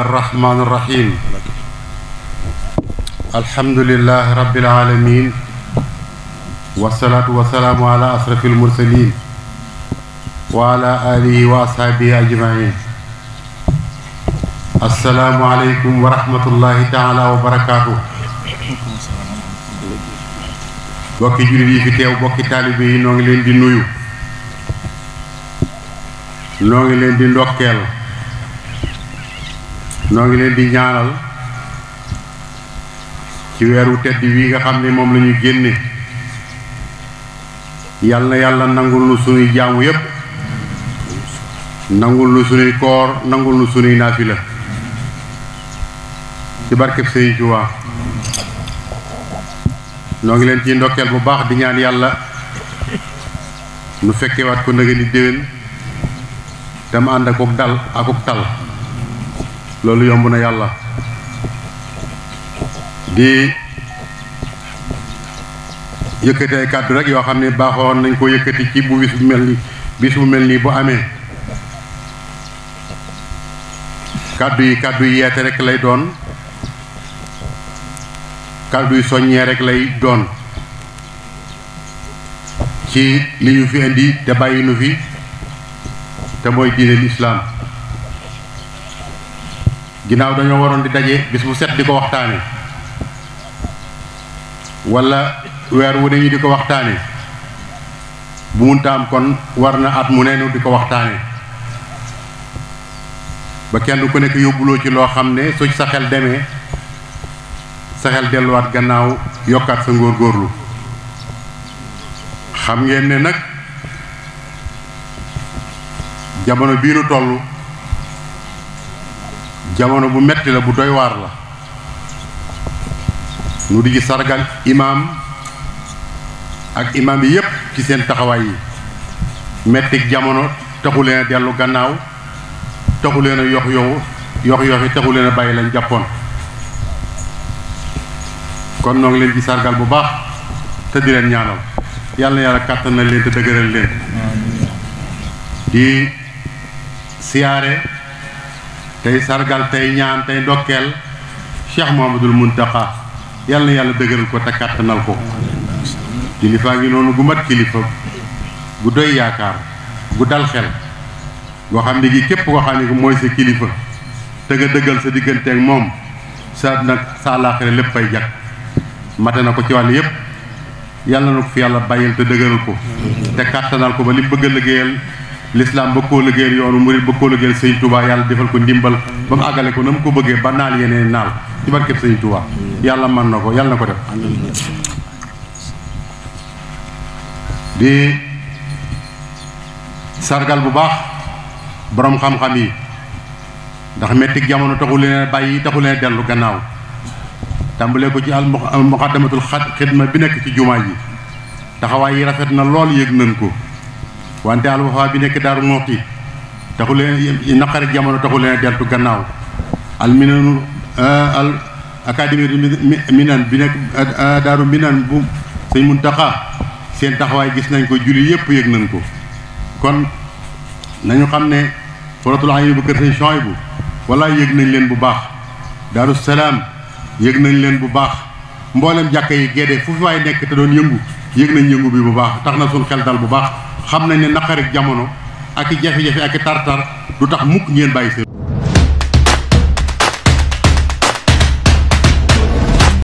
الرحمن الرحيم الحمد لله رب العالمين والصلاة والسلام على أشرف المرسلين وعلى آله وأصحابه أجمعين السلام عليكم ورحمة الله تعالى وبركاته bokki jullit yi fi teew bokki taalibe yi noo ngi leen di nuyu noo ngi leen di ndokkeel noo ngi leen di ñaanal ci weeru tedd wi nga xam ni moom lañuy génne yàlla yàlla nangul nu sunuy jaamu yépp nangul nu sunuy koor nangul nu sunuy naafila ci barkeb Sëriñ Tuubaa noo ngi leen ciy ndokkeel bu baax di ñaan yàlla nu fekkewaat ko ndëgëni déwén te mu ànd ak dal ak tal loolu yomb na yàlla di yëkkati ay kàddu rek yoo xam ne baaxoon nañ koo yëkkati ci bu bis bu mel ni bis mel nii bu amee kàddu yi kàddu yi rek lay doon kàddu yi soññee rek lay doon ci li ñu fi indi te bàyyi nu fi te mooy diine lislaam ginnaaw dañoo waroon di daje bis bu set di ko waxtaane wala weer wu ne ñu di ko waxtaane bu munta am kon war na at mu neenu di ko waxtaane ba kenn ku nekk yóbbuloo ci loo xam ne su sa xel demee sa xel delluwaat gannaaw yokkaat sa ngóorgóorlu xam ngeen ne nag jamono bii nu toll jamono bu metti la bu doy waar la mu di sargal imaam ak imaam yi yépp ci seen taxawaay yi mettik jamono taxu leen a dellu gannaaw taxu leen a yox yow yox yoxi taxu leen a bàyyi lañ jàppoon kon noo ngi leen di sargal bu baax te di leen ñaanal yàlla na yàlla kàttan leen te dëgëral leen di siyaare tey sargal tey ñaan tey ndokkeel Cheikh Mouhamadoul Mountakha yàlla na yàlla dëgëral ko te kàttanal ko kilifaa ngi noonu gu mat kilifa bu doy yaakaar gu dal xel goo xam ne gi képp koo xam ne mooy sa kilifa te nga dëggal sa diggante ak moom sa nag sa lépp ay jag mate na ko ci wàll yépp yàlla na ko fi yàlla bàyyil te dëgëral ko te kàttanal ko ba li bëgg a liggéeyal lislaam bëgg koo liggéeyal yoonu murid bëgg koo liggéeyal sëñ Touba yàlla defal ko ndimbal ba mu àggale ko na mu ko bëggee ba naal yeneen naal ci barkeb sëñ Touba yàlla man na ko yàlla na ko def di sargal bu baax boroom xam-xam yi ndax mettik jamono taxu leen bàyyi taxu leen dellu gannaaw tàmbalee ko ci al muqaddamatul xidma bi nekk ci jumaa ji taxawaay yi rafet na lool yëg nañ ko wante alwafa bi nekk daaru moxti taxu leen naqari jamono taxu leen deltu gannaaw al minanu euh, al académie minan bi nekk euh, daaru minan bu sëñ Muntaxa seen taxawaay gis nañ ko julli yëpp yëg nañ ko kon nañu xam ne forotul ayni bu kër sëñ bu wala yëg nañ leen bu baax daaru salaam yëg nañ leen bu baax mboolem jàkk yi gédde fu fi waay nekk te doon yëngu yëg nañ yëngu bi bu baax tax na suñ xel dal bu baax xam nañ ne naqarik jamono ak i jafe-jafe ak i tartar du tax mukk ngeen bàyyi seen